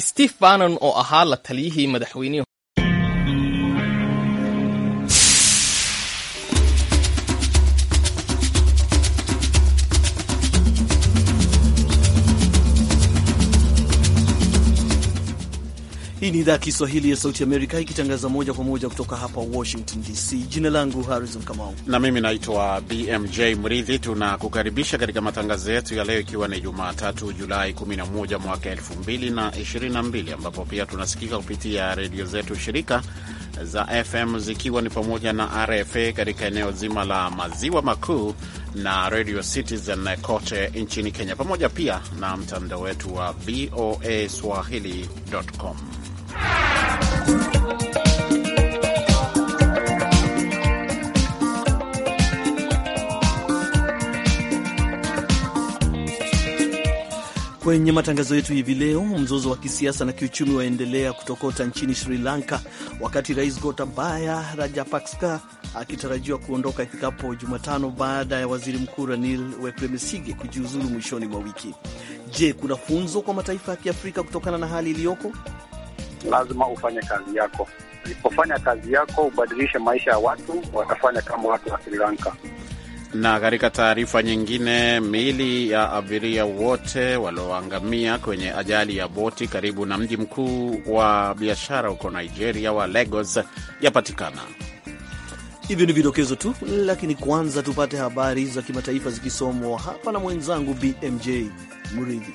steve bannon oo ahaa la taliyihii madaxweynihii Hii ni idhaa ya Kiswahili ya Sauti Amerika ikitangaza moja kwa moja kutoka hapa Washington DC. Jina langu Harrison Kamau na mimi naitwa BMJ Mridhi. Tunakukaribisha katika matangazo yetu ya leo, ikiwa ni Jumatatu Julai 11 mwaka 2022, ambapo pia tunasikika kupitia redio zetu shirika za FM zikiwa ni pamoja na RFA katika eneo zima la maziwa makuu na Radio Citizen kote nchini Kenya, pamoja pia na mtandao wetu wa voa swahili.com. Kwenye matangazo yetu hivi leo, mzozo wa kisiasa na kiuchumi waendelea kutokota nchini Sri Lanka, wakati Rais Gotabaya Rajapaksa akitarajiwa kuondoka ifikapo Jumatano baada ya waziri mkuu Ranil Wickremesinghe kujiuzulu mwishoni mwa wiki. Je, kuna funzo kwa mataifa ya Kiafrika kutokana na hali iliyoko? lazima ufanye kazi yako. Ulipofanya kazi yako, ubadilishe maisha ya watu, watafanya kama watu wa Sri Lanka. Na katika taarifa nyingine, miili ya abiria wote walioangamia kwenye ajali ya boti karibu na mji mkuu wa biashara huko Nigeria wa Lagos yapatikana. Hivyo ni vidokezo tu, lakini kwanza tupate habari za kimataifa zikisomwa hapa na mwenzangu BMJ Muridhi.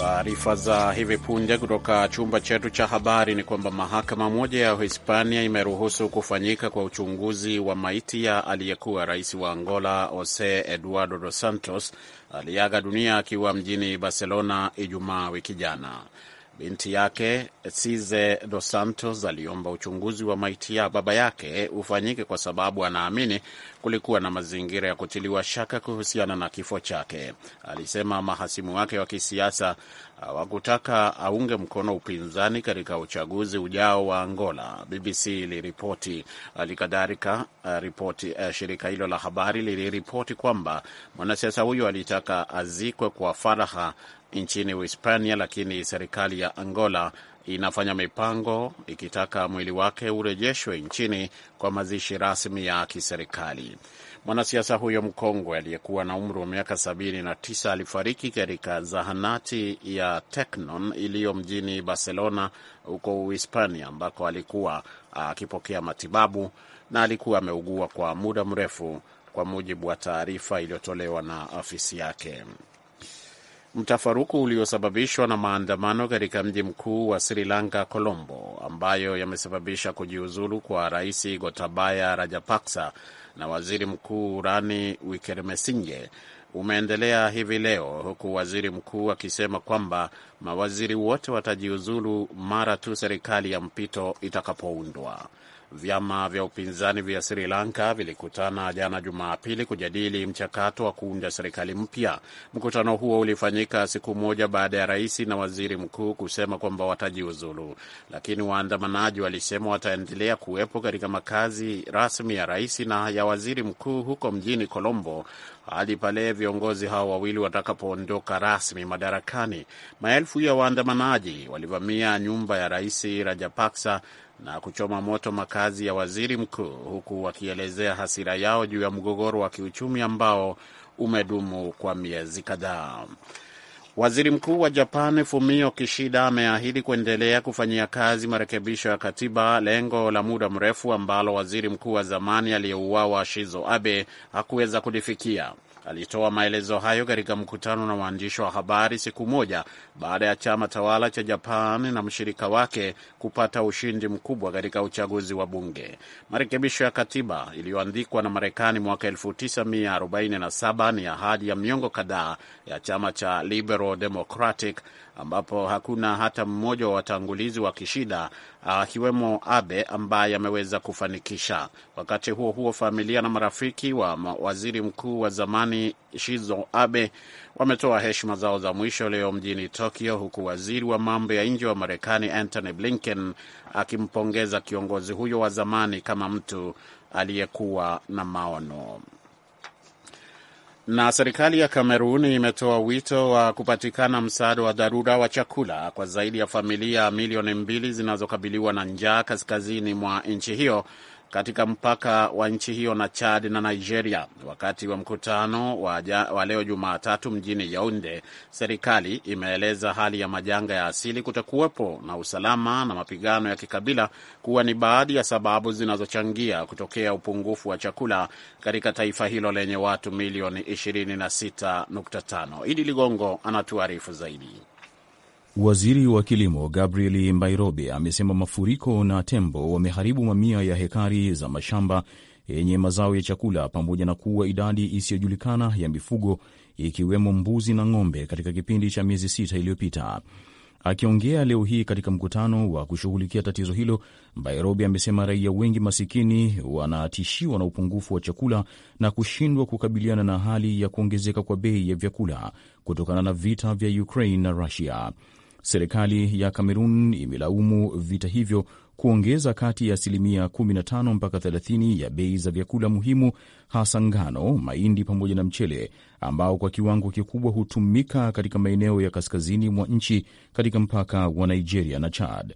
Taarifa za hivi punde kutoka chumba chetu cha habari ni kwamba mahakama moja ya Hispania imeruhusu kufanyika kwa uchunguzi wa maiti ya aliyekuwa rais wa Angola Jose Eduardo dos Santos aliyeaga dunia akiwa mjini Barcelona Ijumaa wiki jana. Binti yake Cize Dos Santos aliomba uchunguzi wa maiti ya baba yake ufanyike kwa sababu anaamini kulikuwa na mazingira ya kutiliwa shaka kuhusiana na kifo chake. Alisema mahasimu wake wa kisiasa hawakutaka aunge mkono upinzani katika uchaguzi ujao wa Angola, BBC iliripoti. Alikadhalika eh, ripoti uh, shirika hilo la habari liliripoti kwamba mwanasiasa huyo alitaka azikwe kwa faraha nchini Uhispania, lakini serikali ya Angola inafanya mipango ikitaka mwili wake urejeshwe nchini kwa mazishi rasmi ya kiserikali. Mwanasiasa huyo mkongwe aliyekuwa na umri wa miaka 79 alifariki katika zahanati ya Teknon iliyo mjini Barcelona huko Uhispania, ambako alikuwa akipokea matibabu na alikuwa ameugua kwa muda mrefu, kwa mujibu wa taarifa iliyotolewa na afisi yake mtafaruku uliosababishwa na maandamano katika mji mkuu wa Sri Lanka, Colombo, ambayo yamesababisha kujiuzulu kwa Rais Gotabaya Rajapaksa na Waziri Mkuu Rani Wickremesinghe umeendelea hivi leo, huku waziri mkuu akisema kwamba mawaziri wote watajiuzulu mara tu serikali ya mpito itakapoundwa. Vyama vya upinzani vya Sri Lanka vilikutana jana Jumapili kujadili mchakato wa kuunda serikali mpya. Mkutano huo ulifanyika siku moja baada ya rais na waziri mkuu kusema kwamba watajiuzulu, lakini waandamanaji walisema wataendelea kuwepo katika makazi rasmi ya rais na ya waziri mkuu huko mjini Colombo hadi pale viongozi hao wawili watakapoondoka rasmi madarakani. Maelfu ya waandamanaji walivamia nyumba ya rais Rajapaksa na kuchoma moto makazi ya waziri mkuu, huku wakielezea hasira yao juu ya mgogoro wa kiuchumi ambao umedumu kwa miezi kadhaa. Waziri mkuu wa Japan Fumio Kishida ameahidi kuendelea kufanyia kazi marekebisho ya katiba, lengo la muda mrefu ambalo waziri mkuu wa zamani aliyeuawa Shizo Abe hakuweza kulifikia. Alitoa maelezo hayo katika mkutano na waandishi wa habari siku moja baada ya chama tawala cha Japan na mshirika wake kupata ushindi mkubwa katika uchaguzi wa bunge. Marekebisho ya katiba iliyoandikwa na Marekani mwaka 1947 ni ahadi ya miongo kadhaa ya chama cha Liberal Democratic ambapo hakuna hata mmoja wa watangulizi wa Kishida ah, akiwemo Abe ambaye ameweza kufanikisha. Wakati huo huo, familia na marafiki wa waziri mkuu wa zamani Shizo Abe wametoa heshima zao za mwisho leo mjini Tokyo, huku waziri wa mambo ya nje wa Marekani Antony Blinken akimpongeza kiongozi huyo wa zamani kama mtu aliyekuwa na maono. Na serikali ya Kamerun imetoa wito wa kupatikana msaada wa dharura wa chakula kwa zaidi ya familia milioni mbili zinazokabiliwa na njaa kaskazini mwa nchi hiyo katika mpaka wa nchi hiyo na Chad na Nigeria. Wakati wa mkutano wa, ja, wa leo Jumatatu mjini Yaunde, serikali imeeleza hali ya majanga ya asili kutokuwepo na usalama na mapigano ya kikabila kuwa ni baadhi ya sababu zinazochangia kutokea upungufu wa chakula katika taifa hilo lenye watu milioni 26.5. Idi Ligongo anatuarifu zaidi. Waziri wa Kilimo Gabriel mairobi amesema mafuriko na tembo wameharibu mamia ya hekari za mashamba yenye mazao ya chakula pamoja na kuua idadi isiyojulikana ya mifugo ikiwemo mbuzi na ng'ombe katika kipindi cha miezi sita iliyopita. Akiongea leo hii katika mkutano wa kushughulikia tatizo hilo, Bairobi amesema raia wengi masikini wanatishiwa na upungufu wa chakula na kushindwa kukabiliana na hali ya kuongezeka kwa bei ya vyakula kutokana na vita vya Ukraine na Rusia. Serikali ya Kamerun imelaumu vita hivyo kuongeza kati ya asilimia 15 mpaka 30 ya bei za vyakula muhimu, hasa ngano, mahindi pamoja na mchele ambao kwa kiwango kikubwa hutumika katika maeneo ya kaskazini mwa nchi katika mpaka wa Nigeria na Chad.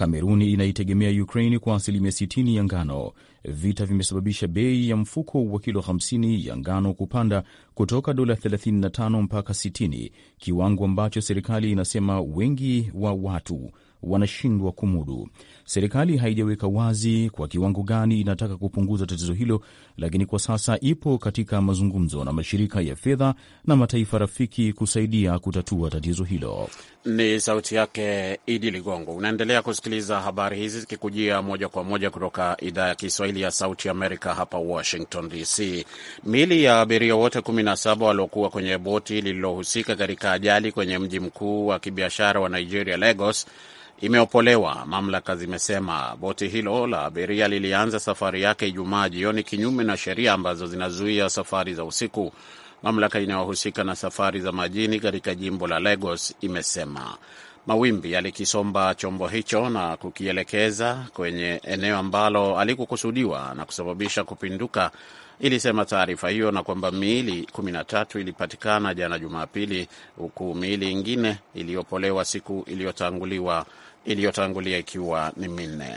Kameruni inaitegemea Ukraini kwa asilimia 60 ya ngano. Vita vimesababisha bei ya mfuko wa kilo 50 ya ngano kupanda kutoka dola 35 mpaka 60, kiwango ambacho serikali inasema wengi wa watu wanashindwa kumudu. Serikali haijaweka wazi kwa kiwango gani inataka kupunguza tatizo hilo, lakini kwa sasa ipo katika mazungumzo na mashirika ya fedha na mataifa rafiki kusaidia kutatua tatizo hilo. Ni sauti yake Idi Ligongo. Unaendelea kusikiliza habari hizi zikikujia moja kwa moja kutoka idhaa ya Kiswahili ya Sauti Amerika hapa Washington DC. Mili ya abiria wote 17 waliokuwa kwenye boti lililohusika katika ajali kwenye mji mkuu wa kibiashara wa Nigeria, Lagos imeopolewa, mamlaka zimesema. Boti hilo la abiria lilianza safari yake Ijumaa jioni kinyume na sheria ambazo zinazuia safari za usiku. Mamlaka inayohusika na safari za majini katika jimbo la Lagos imesema mawimbi yalikisomba chombo hicho na kukielekeza kwenye eneo ambalo alikukusudiwa na kusababisha kupinduka ilisema taarifa hiyo, na kwamba miili kumi na tatu ilipatikana jana Jumapili, huku miili ingine iliyopolewa siku iliyotangulia ikiwa ni minne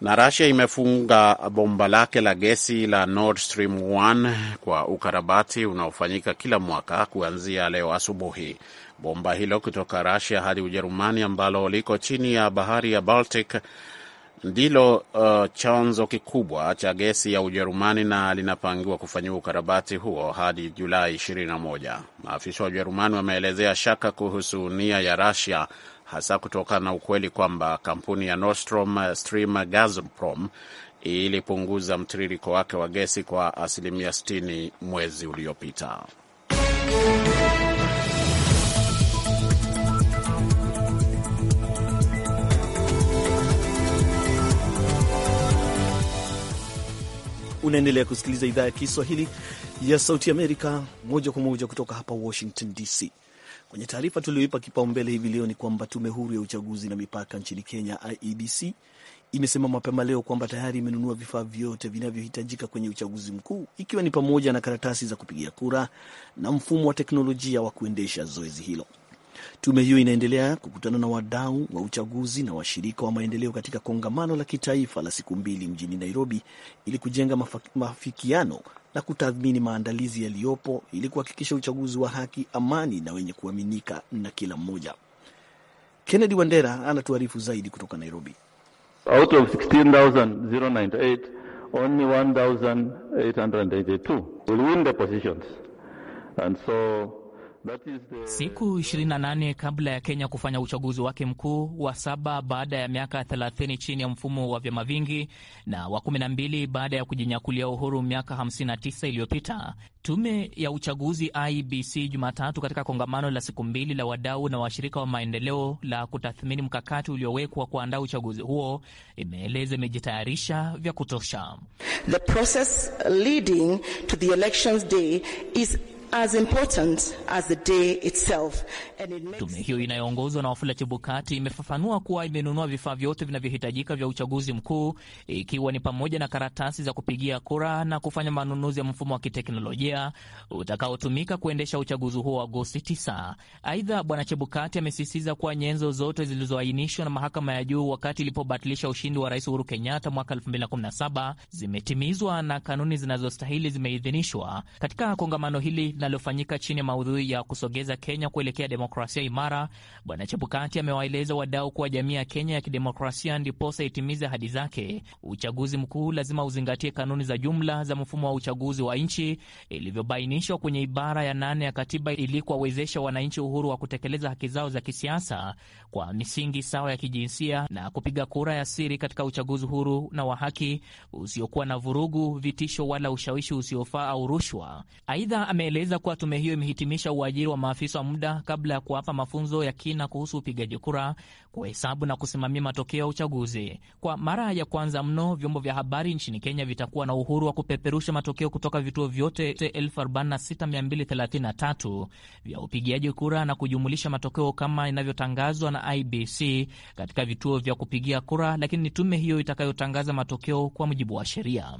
na Rasia imefunga bomba lake la gesi la Nord Stream 1 kwa ukarabati unaofanyika kila mwaka kuanzia leo asubuhi. Bomba hilo kutoka Rasia hadi Ujerumani ambalo liko chini ya bahari ya Baltic ndilo uh, chanzo kikubwa cha gesi ya Ujerumani na linapangiwa kufanyiwa ukarabati huo hadi Julai 21. Maafisa wa Ujerumani wameelezea shaka kuhusu nia ya Russia, hasa kutokana na ukweli kwamba kampuni ya Nord uh, Stream Gazprom ilipunguza mtiririko wake wa gesi kwa asilimia 60 mwezi uliopita. Unaendelea kusikiliza idhaa ya Kiswahili ya Sauti Amerika moja kwa moja kutoka hapa Washington DC. Kwenye taarifa tulioipa kipaumbele hivi leo ni kwamba tume huru ya uchaguzi na mipaka nchini Kenya, IEBC, imesema mapema leo kwamba tayari imenunua vifaa vyote vinavyohitajika kwenye uchaguzi mkuu, ikiwa ni pamoja na karatasi za kupigia kura na mfumo wa teknolojia wa kuendesha zoezi hilo. Tume hiyo inaendelea kukutana na wadau wa uchaguzi na washirika wa maendeleo katika kongamano la kitaifa la siku mbili mjini Nairobi ili kujenga mafikiano na kutathmini maandalizi yaliyopo ili kuhakikisha uchaguzi wa haki, amani na wenye kuaminika na kila mmoja. Kennedy Wandera anatuarifu zaidi kutoka Nairobi. Out of 16,098, only 1,882 will win the positions. And so siku 28 kabla ya Kenya kufanya uchaguzi wake mkuu wa saba baada ya miaka 30 chini ya mfumo wa vyama vingi na wa 12 baada ya kujinyakulia uhuru miaka 59 iliyopita. Tume ya uchaguzi IBC Jumatatu, katika kongamano la siku mbili la wadau na washirika wa maendeleo la kutathmini mkakati uliowekwa kuandaa uchaguzi huo, imeeleza imejitayarisha vya kutosha. The process leading to the elections day is as important as the day itself. And it makes... Tume hiyo inayoongozwa na Wafula Chebukati imefafanua kuwa imenunua vifaa vyote vinavyohitajika vya uchaguzi mkuu ikiwa ni pamoja na karatasi za kupigia kura na kufanya manunuzi ya mfumo wa kiteknolojia utakaotumika kuendesha uchaguzi huo Agosti 9. Aidha, Bwana Chebukati amesisitiza kuwa nyenzo zote zilizoainishwa na mahakama ya juu wakati ilipobatilisha ushindi wa Rais Uhuru Kenyatta mwaka 2017 zimetimizwa na kanuni zinazostahili zimeidhinishwa katika kongamano hili linalofanyika chini ya maudhui ya kusogeza Kenya kuelekea demokrasia imara, Bwana Chebukati amewaeleza wadau kuwa jamii ya Kenya ya kidemokrasia ndiposa itimize ahadi zake, uchaguzi mkuu lazima uzingatie kanuni za jumla za mfumo wa uchaguzi wa nchi ilivyobainishwa kwenye ibara ya nane ya katiba ili kuwawezesha wananchi uhuru wa kutekeleza haki zao za kisiasa kwa misingi sawa ya kijinsia na kupiga kura ya siri katika uchaguzi huru na wa haki usiokuwa na vurugu, vitisho wala ushawishi usiofaa au rushwa. Aidha ameeleza ameeleza kuwa tume hiyo imehitimisha uajiri wa maafisa wa muda kabla ya kuwapa mafunzo ya kina kuhusu upigaji kura, kuhesabu na kusimamia matokeo ya uchaguzi. Kwa mara ya kwanza mno, vyombo vya habari nchini Kenya vitakuwa na uhuru wa kupeperusha matokeo kutoka vituo vyote 46233 vya upigiaji kura na kujumulisha matokeo kama inavyotangazwa na IBC katika vituo vya kupigia kura, lakini ni tume hiyo itakayotangaza matokeo kwa mujibu wa sheria.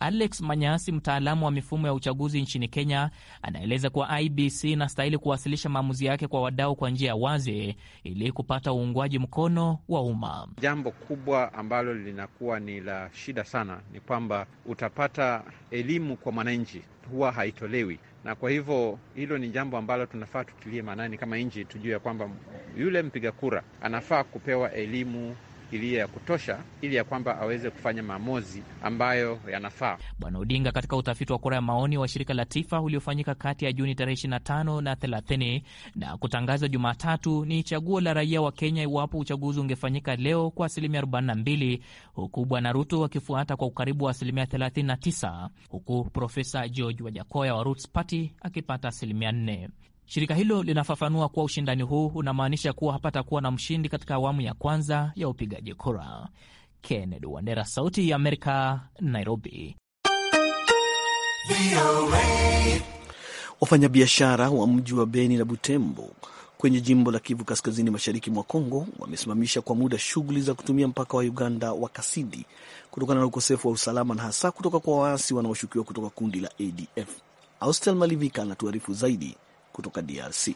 Alex Manyasi, mtaalamu wa mifumo ya uchaguzi nchini Kenya, anaeleza kuwa IBC inastahili kuwasilisha maamuzi yake kwa wadau kwa njia ya wazi ili kupata uungwaji mkono wa umma. Jambo kubwa ambalo linakuwa ni la shida sana ni kwamba utapata elimu kwa mwananchi huwa haitolewi na kwa hivyo hilo ni jambo ambalo tunafaa tutilie maanani kama nchi, tujue ya kwamba yule mpiga kura anafaa kupewa elimu iliyo ya kutosha ili ya kwamba aweze kufanya maamuzi ambayo yanafaa. Bwana Odinga, katika utafiti wa kura ya maoni wa shirika la TIFA uliofanyika kati ya Juni tarehe 25 na 30 na kutangazwa Jumatatu, ni chaguo la raia wa Kenya iwapo uchaguzi ungefanyika leo kwa asilimia 42, huku Bwana Ruto wakifuata kwa ukaribu wa asilimia 39, huku Profesa George Wajakoya wa Roots Party akipata asilimia 4. Shirika hilo linafafanua kuwa ushindani huu unamaanisha kuwa hapatakuwa na mshindi katika awamu ya kwanza ya upigaji kura. Kennedy Wandera, Sauti ya Amerika, Nairobi. Wafanyabiashara wa mji wa Beni na Butembo kwenye jimbo la Kivu kaskazini mashariki mwa Kongo wamesimamisha kwa muda shughuli za kutumia mpaka wa Uganda wa Kasidi kutokana na ukosefu wa usalama na hasa kutoka kwa waasi wanaoshukiwa kutoka kundi la ADF. Austel Malivika anatuarifu zaidi kutoka DRC.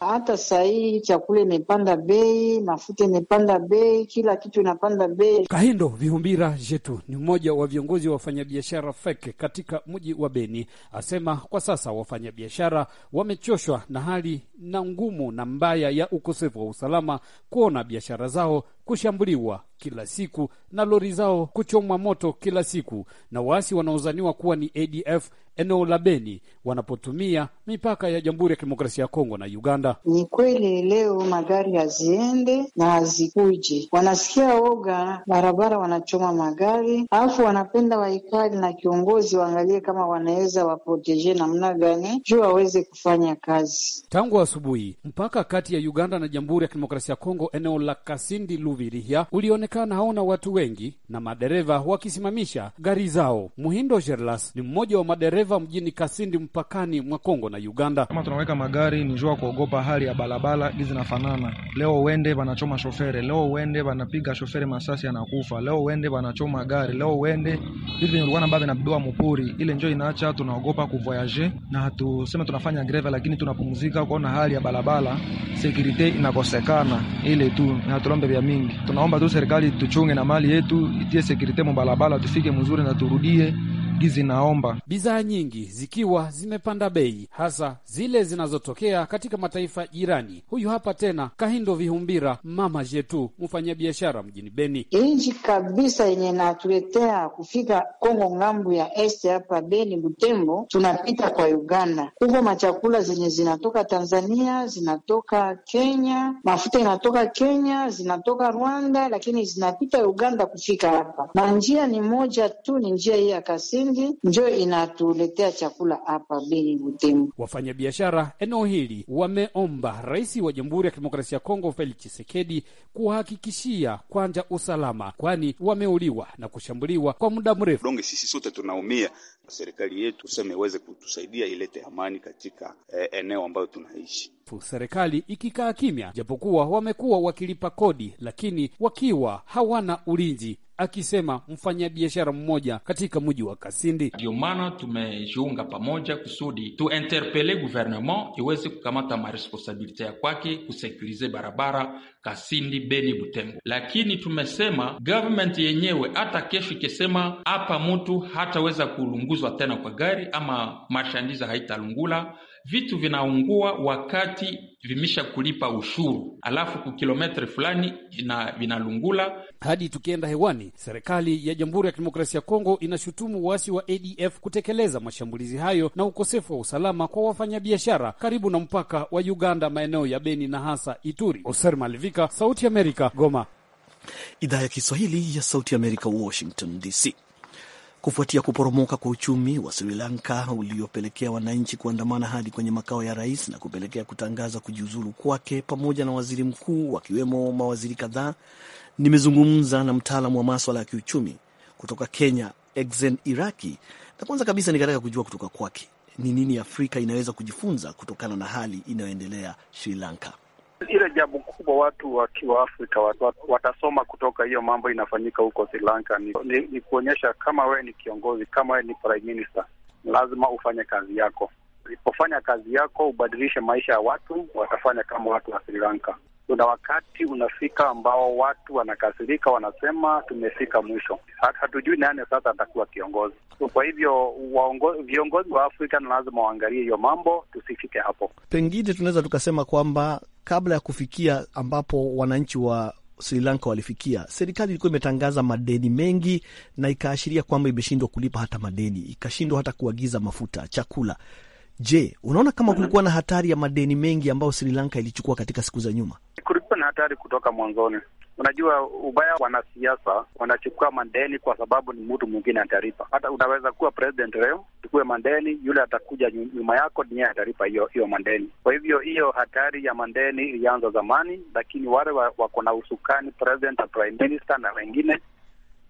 Hata sahii chakula imepanda bei, mafuta imepanda bei, kila kitu inapanda bei. Kahindo Vihumbira Jetu ni mmoja wa viongozi wa wafanyabiashara feke katika mji wa Beni, asema kwa sasa wafanyabiashara wamechoshwa na hali na ngumu na mbaya ya ukosefu wa usalama, kuona biashara zao kushambuliwa kila siku na lori zao kuchomwa moto kila siku na waasi wanaozaniwa kuwa ni ADF eneo la Beni wanapotumia mipaka ya Jamhuri ya Kidemokrasia ya Kongo na Uganda. Ni kweli leo magari haziende na hazikuje, wanasikia oga barabara, wanachoma magari, alafu wanapenda waikali na kiongozi waangalie kama wanaweza waproteje namna gani juu waweze kufanya kazi. Tangu asubuhi mpaka kati ya Uganda na Jamhuri ya Kidemokrasia ya Kongo, eneo la Kasindi Luvirihya ulionekana haona watu wengi na madereva wakisimamisha gari zao. Muhindo Gerlas ni mmoja wa madereva dereva mjini Kasindi mpakani mwa Kongo na Uganda. Kama tunaweka magari ni jua kuogopa hali ya barabara hizi zinafanana. Leo uende wanachoma shofere, leo uende wanapiga shofere masasi anakufa, leo uende wanachoma gari, leo uende hivi venye ulikuwa nambavyo nabidoa mupuri ile njo inaacha tunaogopa kuvoyage, na tuseme tunafanya greve, lakini tunapumzika kuona hali ya barabara, sekurite inakosekana ile tu, na tulombe vya mingi. Tunaomba tu serikali tuchunge na mali yetu, itie sekurite mubarabara, tufike mzuri na turudie zinaomba bidhaa nyingi zikiwa zimepanda bei, hasa zile zinazotokea katika mataifa jirani. Huyu hapa tena Kahindo Vihumbira, mama jetu, mfanyabiashara mjini Beni, inji kabisa yenye natuletea kufika Kongo ng'ambu ya este hapa Beni Butembo, tunapita kwa Uganda. Huko machakula zenye zinatoka Tanzania, zinatoka Kenya, mafuta inatoka Kenya, zinatoka Rwanda, lakini zinapita Uganda kufika hapa, na njia ni moja tu, ni njia hii ya kasi mingi njo inatuletea chakula hapa bei Butembo. Wafanyabiashara eneo hili wameomba Rais wa Jamhuri ya Kidemokrasia ya Kongo Felix Tshisekedi kuwahakikishia kwanja usalama, kwani wameuliwa na kushambuliwa kwa muda mrefu. Donge sisi sote tunaumia, serikali yetu sema iweze kutusaidia ilete amani katika eh, eneo ambayo tunaishi. Serikali ikikaa kimya, japokuwa wamekuwa wakilipa kodi, lakini wakiwa hawana ulinzi akisema mfanyabiashara mmoja katika mji wa Kasindi. Ndio maana tumejiunga pamoja kusudi tuinterpele guvernement iweze kukamata maresponsabilite ya kwake kusekurize barabara Kasindi Beni Butembo, lakini tumesema government yenyewe hata kesho ikisema hapa mutu hataweza kulunguzwa tena kwa gari ama mashandiza haitalungula vitu vinaungua wakati vimeshakulipa ushuru, alafu ku kilometri fulani vinalungula. Hadi tukienda hewani, serikali ya Jamhuri ya Kidemokrasia ya Kongo inashutumu waasi wa ADF kutekeleza mashambulizi hayo na ukosefu wa usalama kwa wafanyabiashara karibu na mpaka wa Uganda, maeneo ya Beni na hasa Ituri. Oser Malivika, Sauti Amerika, Goma. Idhaa ya Kiswahili ya Sauti Amerika, Washington DC kufuatia kuporomoka kwa uchumi wa Sri Lanka uliopelekea wananchi kuandamana hadi kwenye makao ya rais na kupelekea kutangaza kujiuzulu kwake pamoja na waziri mkuu, wakiwemo mawaziri kadhaa. Nimezungumza na mtaalamu wa maswala ya kiuchumi kutoka Kenya, Exen Iraki, na kwanza kabisa nikataka kujua kutoka kwake ni nini Afrika inaweza kujifunza kutokana na hali inayoendelea Sri Lanka. Ile jambo kubwa watu wakiwa Afrika watasoma kutoka hiyo mambo inafanyika huko Sri Lanka ni, ni, ni kuonyesha kama wewe ni kiongozi, kama wewe ni prime minister, lazima ufanye kazi yako. Ulipofanya kazi yako ubadilishe maisha ya watu, watafanya kama watu wa Sri Lanka kuna wakati unafika ambao watu wanakasirika, wanasema tumefika mwisho, hatujui nani sasa atakuwa kiongozi. So kwa hivyo waongo, viongozi wa Afrika na lazima waangalie hiyo mambo, tusifike hapo. Pengine tunaweza tukasema kwamba kabla ya kufikia ambapo wananchi wa Sri Lanka walifikia, serikali ilikuwa imetangaza madeni mengi na ikaashiria kwamba imeshindwa kulipa hata madeni, ikashindwa hata kuagiza mafuta, chakula Je, unaona kama mhm. kulikuwa na hatari ya madeni mengi ambayo Sri Lanka ilichukua katika siku za nyuma? Kulikuwa na hatari kutoka mwanzoni. Unajua, ubaya wanasiasa wanachukua mandeni kwa sababu ni mtu mwingine ataripa. Hata unaweza kuwa president leo, chukue mandeni, yule atakuja nyuma yako niye ataripa hiyo hiyo mandeni. Kwa hivyo hiyo hatari ya mandeni ilianza zamani, lakini wale wako na usukani, president na prime minister na wengine,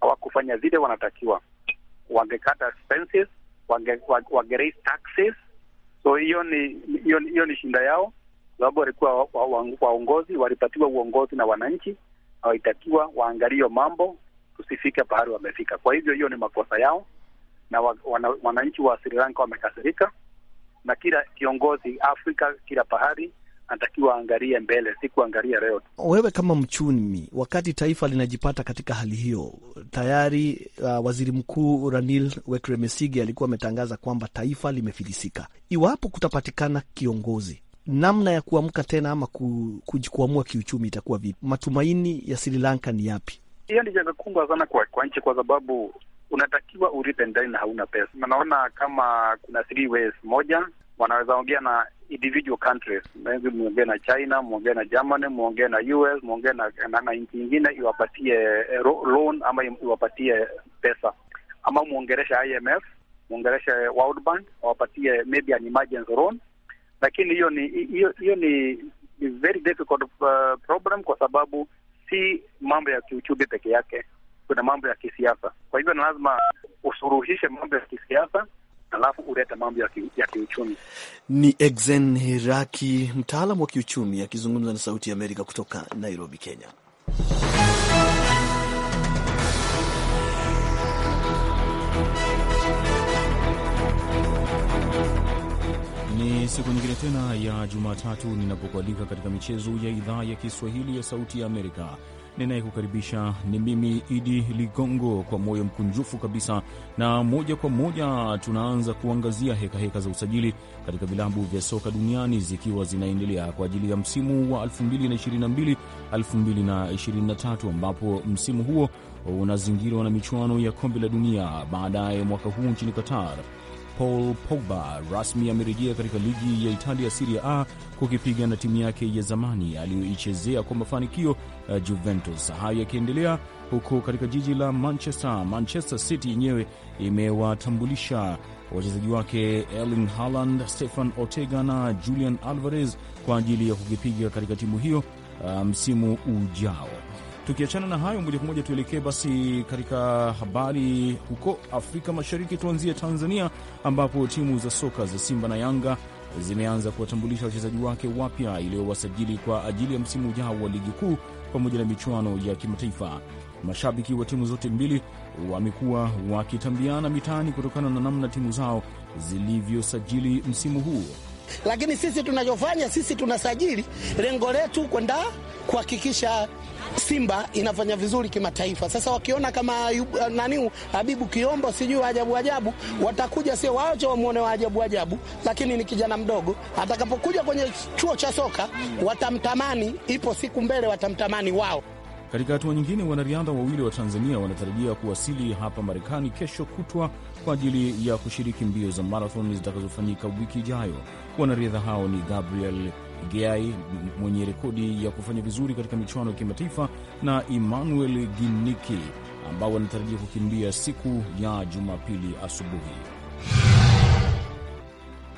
hawakufanya vile wanatakiwa. Wangekata expenses, wange, wange raise taxes So hiyo ni hiyo ni shinda yao, sababu walikuwa waongozi, walipatiwa uongozi na wananchi, hawaitakiwa waangalie mambo, tusifike pahali wamefika. Kwa hivyo hiyo ni makosa yao, na wa, wana, wananchi wa Sri Lanka wamekasirika, na kila kiongozi Afrika kila pahali anatakiwa angalie mbele, si kuangalia leo. Wewe kama mchumi, wakati taifa linajipata katika hali hiyo tayari, uh, waziri mkuu Ranil Wickremesinghe alikuwa ametangaza kwamba taifa limefilisika. Iwapo kutapatikana kiongozi, namna ya kuamka tena ama kujikuamua kiuchumi itakuwa vipi? Matumaini ya Sri Lanka ni yapi? Hiyo ni janga kubwa sana kwa, kwa nchi kwa sababu unatakiwa ulipe ndani na hauna pesa. Naona kama kuna three ways. Moja, wanaweza ongea na individual countries, maybe muongee na China, muongee na Germany, muongee na US, muongee na, na, na nchi nyingine iwapatie eh, loan ama iwapatie pesa ama muongeresha IMF, muongeresha World Bank awapatie maybe an emergency loan, lakini hiyo ni hiyo hiyo ni very difficult uh, problem kwa sababu si mambo ya kiuchumi peke yake, kuna mambo ya kisiasa. Kwa hivyo ni lazima usuruhishe mambo ya kisiasa alafu ulete mambo ya, ki, ya kiuchumi. Ni Exen Hiraki, mtaalamu wa kiuchumi akizungumza na Sauti ya Amerika kutoka Nairobi, Kenya. Ni siku nyingine tena ya Jumatatu ninapokualika katika michezo ya idhaa ya Kiswahili ya Sauti ya Amerika ninayekukaribisha ni mimi Idi Ligongo, kwa moyo mkunjufu kabisa, na moja kwa moja tunaanza kuangazia hekaheka heka za usajili katika vilabu vya soka duniani zikiwa zinaendelea kwa ajili ya msimu wa 2022 2023, ambapo msimu huo unazingirwa na michuano ya kombe la dunia baadaye mwaka huu nchini Qatar. Paul Pogba rasmi amerejea katika ligi ya Italia Serie A kukipiga na timu yake ya zamani aliyoichezea kwa mafanikio eh, Juventus. Hayo yakiendelea huko katika jiji la Manchester, Manchester City yenyewe imewatambulisha wachezaji wake Erling Haaland, Stefan Ortega na Julian Alvarez kwa ajili ya kukipiga katika timu hiyo eh, msimu um, ujao. Tukiachana na hayo moja kwa moja tuelekee basi katika habari huko Afrika Mashariki. Tuanzie Tanzania ambapo timu za soka za Simba na Yanga zimeanza kuwatambulisha wachezaji wake wapya iliyowasajili kwa ajili ya msimu ujao wa ligi kuu pamoja na michuano ya kimataifa. Mashabiki wa timu zote mbili wamekuwa wakitambiana mitaani kutokana na namna timu zao zilivyosajili msimu huu. Lakini sisi tunachofanya sisi tunasajili, lengo letu kwenda kuhakikisha Simba inafanya vizuri kimataifa. Sasa wakiona kama eh, nani Habibu Kiombo sijui ajabu ajabu, watakuja sio waoche wamuone wa ajabu ajabu, lakini ni kijana mdogo. Atakapokuja kwenye chuo cha soka watamtamani, ipo siku mbele watamtamani wao. Katika hatua nyingine, wanariadha wawili wa Tanzania wanatarajia kuwasili hapa Marekani kesho kutwa kwa ajili ya kushiriki mbio za marathon zitakazofanyika wiki ijayo. Wanariadha hao ni Gabriel Giai mwenye rekodi ya kufanya vizuri katika michuano ya kimataifa na Emmanuel Giniki ambao wanatarajia kukimbia siku ya Jumapili asubuhi.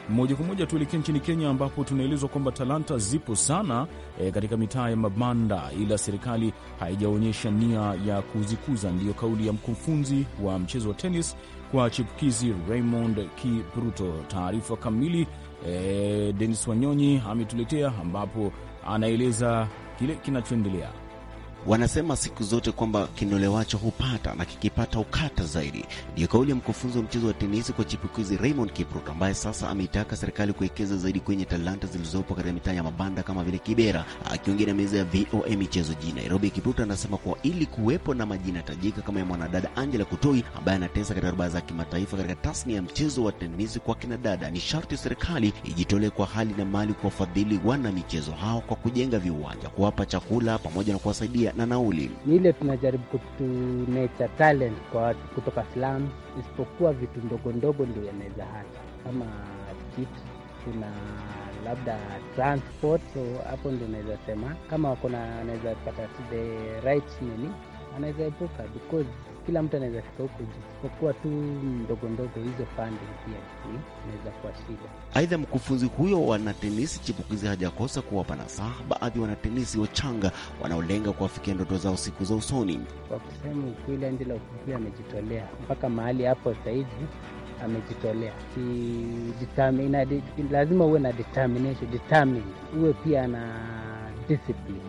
Moja kwa moja tuelekee nchini Kenya, ambapo tunaelezwa kwamba talanta zipo sana e, katika mitaa ya mabanda, ila serikali haijaonyesha nia ya kuzikuza. Ndiyo kauli ya mkufunzi wa mchezo wa tenis kwa chipukizi Raymond Kipruto. Taarifa kamili e, Denis Wanyonyi ametuletea ambapo anaeleza kile kinachoendelea. Wanasema siku zote kwamba kinolewacho hupata na kikipata ukata zaidi. Ndiyo kauli ya mkufunzi wa mchezo wa tenisi kwa chipukizi Raymond Kiprot, ambaye sasa ameitaka serikali kuwekeza zaidi kwenye talanta zilizopo katika mitaa ya mabanda kama vile Kibera. Akiongea na meza ya VOA michezo jijini Nairobi, Kiprot anasema kuwa ili kuwepo na majina tajika kama ya mwanadada Angela Kutoi ambaye anatesa katika rubaa za kimataifa katika tasnia ya mchezo wa tenisi kwa kinadada, ni sharti serikali ijitolee kwa hali na mali kuwafadhili wana michezo hao kwa kujenga viwanja, kuwapa chakula pamoja na kuwasaidia na nauli. Ni ile tunajaribu kutunecha talent kwa watu kutoka slum, isipokuwa vitu ndogo ndogo ndio yanaweza hata kama kitu tuna labda transport, so hapo ndio naweza sema kama wako na anaweza pata the right nini, anaweza epuka because kila mtu anaweza fika huko juu, kwa kuwa tu ndogo ndogo hizo pande pia inaweza kuwa shida. Aidha, mkufunzi huyo wanatenisi chipukizi hajakosa kuwapa nasaha baadhi wanatenisi wachanga wanaolenga kuwafikia ndoto zao siku za usoni. Kwa kusema ukweli, Angela Okubuya amejitolea mpaka mahali hapo sahizi amejitolea si, lazima uwe na determination, uwe pia na discipline,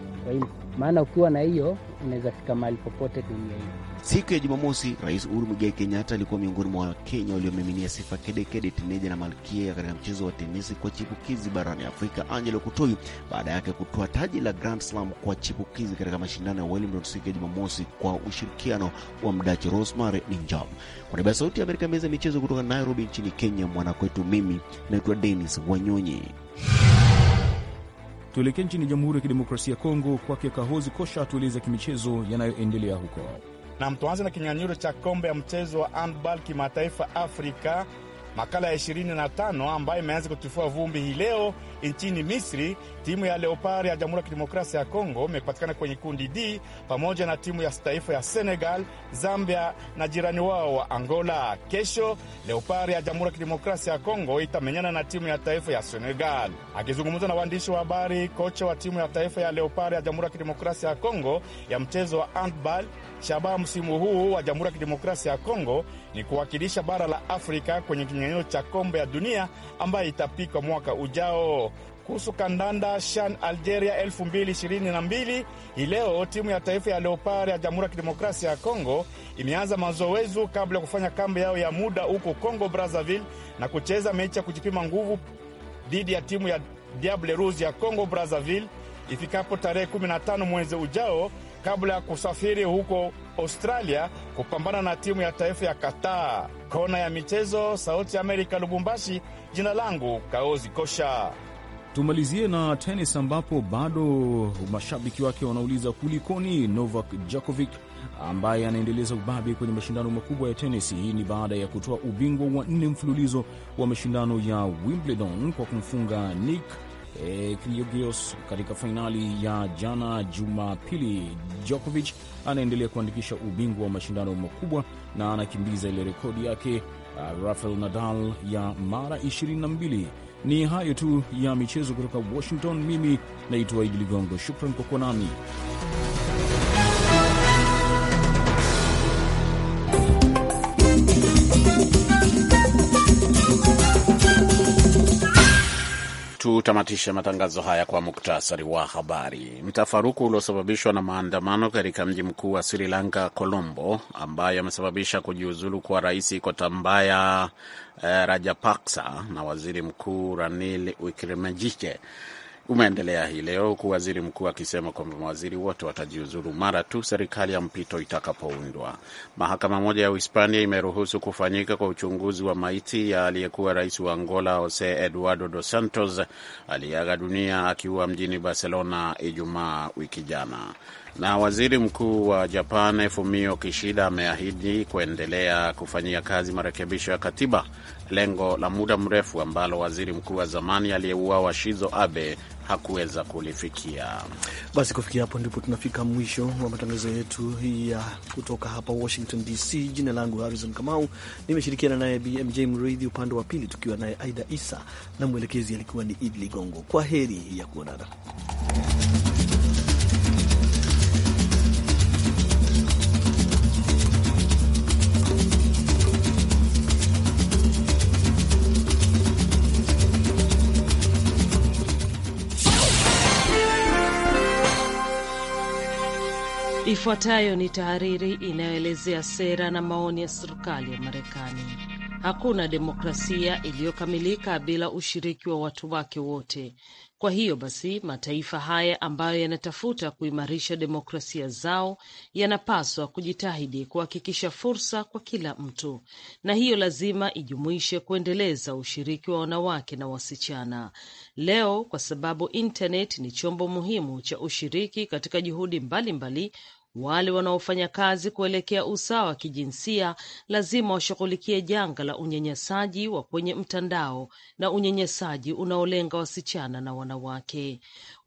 maana ukiwa na hiyo unaweza fika mahali popote dunia hii. Siku ya Jumamosi, Rais Uhuru Muigai Kenyatta alikuwa miongoni mwa Wakenya waliomiminia sifa kedekede tineja na malkia katika mchezo wa tenisi kwa chipukizi barani Afrika, Angelo Kutoi, baada yake kutoa taji la Grand Slam kwa chipukizi katika mashindano ya Wellington siku ya Jumamosi kwa ushirikiano wa Mdachi Rosemary Ninjam. Kwa niaba ya Sauti ya Amerika, meza ya michezo kutoka Nairobi nchini Kenya, mwanakwetu, mimi naitwa denis Wanyonyi. Tuelekee nchini Jamhuri ya Kidemokrasia ya Kongo, kwake Kahozi Kosha atueleza kimichezo yanayoendelea huko na tuanze na kinyanyuro cha kombe ya mchezo wa handball kimataifa Afrika makala ya 25 ambayo imeanza kutifua vumbi hii leo nchini Misri. Timu ya Leopard ya Jamhuri ya Kidemokrasia ya Kongo imepatikana kwenye kundi D pamoja na timu ya taifa ya Senegal, Zambia na jirani wao wa Angola. Kesho Leopard ya Jamhuri ya Kidemokrasia ya Kongo itamenyana na timu ya taifa ya Senegal. Akizungumza na waandishi wa habari, kocha wa timu ya taifa ya Leopard ya Jamhuri ya Kidemokrasia ya Kongo ya mchezo wa handball Shabaha msimu huu wa Jamhuri ya Kidemokrasia ya Kongo ni kuwakilisha bara la Afrika kwenye kinyang'anyiro cha kombe ya dunia ambayo itapikwa mwaka ujao. Kuhusu kandanda shan Algeria 2022 hii leo timu ya taifa ya Leopard ya Jamhuri ya Kidemokrasia ya Kongo imeanza mazoezi kabla ya kufanya kambi yao ya muda huko congo Brazzaville na kucheza mechi ya kujipima nguvu dhidi ya timu ya Diable Rouge ya congo Brazzaville ifikapo tarehe 15 mwezi ujao kabla ya kusafiri huko Australia kupambana na timu ya taifa ya Qatar. Kona ya michezo, Sauti ya Amerika, Lubumbashi. Jina langu Kaozi Kosha. Tumalizie na tenis ambapo bado mashabiki wake wanauliza kulikoni Novak Djokovic ambaye anaendeleza ubabe kwenye mashindano makubwa ya tenisi. Hii ni baada ya kutoa ubingwa wa nne mfululizo wa mashindano ya Wimbledon kwa kumfunga Nick e, Kyrgios katika fainali ya jana Jumapili. Djokovic anaendelea kuandikisha ubingwa wa mashindano makubwa na anakimbiza ile rekodi yake uh, Rafael Nadal ya mara 22. Ni hayo tu ya michezo kutoka Washington. Mimi naitwa Idi Ligongo, shukran kwa kuwa nami. tutamatishe matangazo haya kwa muktasari wa habari. Mtafaruku uliosababishwa na maandamano katika mji mkuu wa Sri Lanka, Colombo, ambayo amesababisha kujiuzulu kwa rais kotambaya eh, Rajapaksa na waziri mkuu Ranil Wickremesinghe umeendelea hii leo huku waziri mkuu akisema kwamba mawaziri wote watajiuzuru mara tu serikali ya mpito itakapoundwa. Mahakama moja ya Uhispania imeruhusu kufanyika kwa uchunguzi wa maiti ya aliyekuwa rais wa Angola Jose Eduardo Dos Santos aliyeaga dunia akiwa mjini Barcelona Ijumaa wiki jana. Na waziri mkuu wa Japan Fumio Kishida ameahidi kuendelea kufanyia kazi marekebisho ya katiba, lengo la muda mrefu ambalo waziri mkuu wa zamani aliyeuawa Shizo Abe hakuweza kulifikia. Basi kufikia hapo ndipo tunafika mwisho wa matangazo yetu ya kutoka hapa Washington DC. Jina langu Harrison Kamau, nimeshirikiana naye BMJ Mridhi upande wa pili, tukiwa naye Aida Isa na mwelekezi alikuwa ni Idli Gongo. Kwa heri ya kuonana. Ifuatayo ni tahariri inayoelezea sera na maoni ya serikali ya Marekani. Hakuna demokrasia iliyokamilika bila ushiriki wa watu wake wote. Kwa hiyo basi, mataifa haya ambayo yanatafuta kuimarisha demokrasia zao yanapaswa kujitahidi kuhakikisha fursa kwa kila mtu, na hiyo lazima ijumuishe kuendeleza ushiriki wa wanawake na wasichana. Leo, kwa sababu intaneti ni chombo muhimu cha ushiriki katika juhudi mbalimbali mbali wale wanaofanya kazi kuelekea usawa wa kijinsia lazima washughulikie janga la unyanyasaji wa kwenye mtandao na unyanyasaji unaolenga wasichana na wanawake.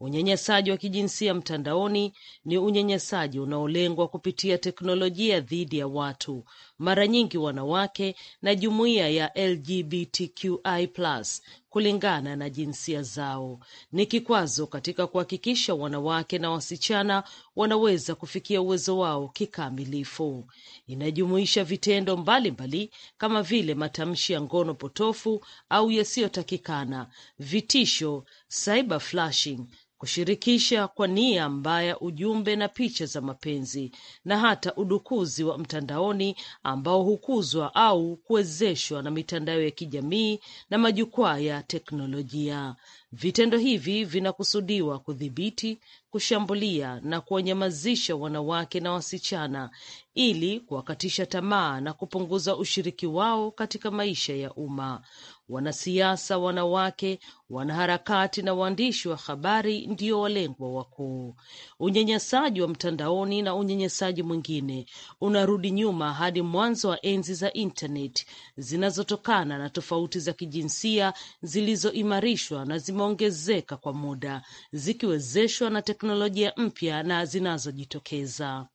Unyanyasaji wa kijinsia mtandaoni ni unyanyasaji unaolengwa kupitia teknolojia dhidi ya watu, mara nyingi wanawake na jumuiya ya LGBTQI+, kulingana na jinsia zao. Ni kikwazo katika kuhakikisha wanawake na wasichana wanaweza kufikia uwezo wao kikamilifu. Inajumuisha vitendo mbalimbali mbali, kama vile matamshi ya ngono potofu au yasiyotakikana, vitisho, cyber flashing kushirikisha kwa nia mbaya ujumbe na picha za mapenzi na hata udukuzi wa mtandaoni ambao hukuzwa au kuwezeshwa na mitandao ya kijamii na majukwaa ya teknolojia. Vitendo hivi vinakusudiwa kudhibiti, kushambulia na kuwanyamazisha wanawake na wasichana ili kuwakatisha tamaa na kupunguza ushiriki wao katika maisha ya umma wanasiasa, wanawake, wanaharakati na waandishi wa habari ndio walengwa wakuu. Unyanyasaji wa mtandaoni na unyanyasaji mwingine unarudi nyuma hadi mwanzo wa enzi za intaneti zinazotokana na tofauti za kijinsia zilizoimarishwa na zimeongezeka kwa muda, zikiwezeshwa na teknolojia mpya na zinazojitokeza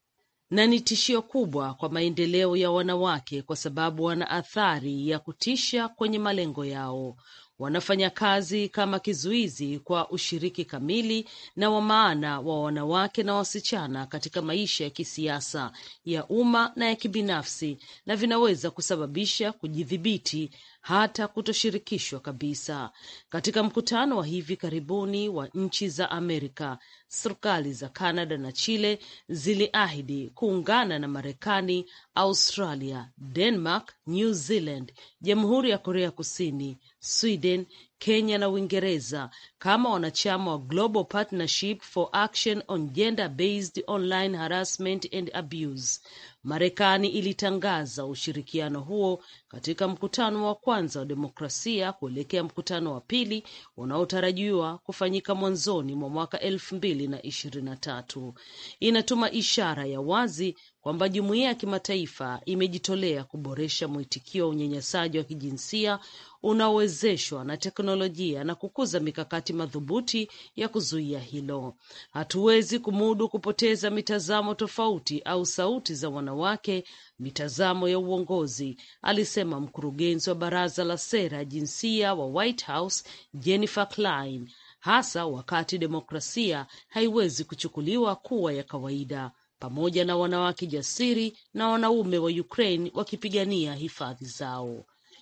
na ni tishio kubwa kwa maendeleo ya wanawake kwa sababu wana athari ya kutisha kwenye malengo yao. Wanafanya kazi kama kizuizi kwa ushiriki kamili na wa maana wa wanawake na wasichana katika maisha ya kisiasa, ya umma na ya kibinafsi, na vinaweza kusababisha kujidhibiti hata kutoshirikishwa kabisa. Katika mkutano wa hivi karibuni wa nchi za Amerika, serikali za canada na Chile ziliahidi kuungana na Marekani, Australia, Denmark, New Zealand, Jamhuri ya Korea Kusini, Sweden, Kenya na Uingereza kama wanachama wa Global Partnership for Action on Gender-Based Online Harassment and Abuse. Marekani ilitangaza ushirikiano huo katika mkutano wa kwanza wa demokrasia kuelekea mkutano wa pili unaotarajiwa kufanyika mwanzoni mwa mwaka elfu mbili na ishirini na tatu. Inatuma ishara ya wazi kwamba jumuiya ya kimataifa imejitolea kuboresha mwitikio wa unyanyasaji wa kijinsia unaowezeshwa na teknolojia na kukuza mikakati madhubuti ya kuzuia hilo. Hatuwezi kumudu kupoteza mitazamo tofauti au sauti za wanawake, mitazamo ya uongozi, alisema mkurugenzi wa baraza la sera jinsia wa White House Jennifer Klein, hasa wakati demokrasia haiwezi kuchukuliwa kuwa ya kawaida pamoja na wanawake jasiri na wanaume wa Ukraine wakipigania hifadhi zao.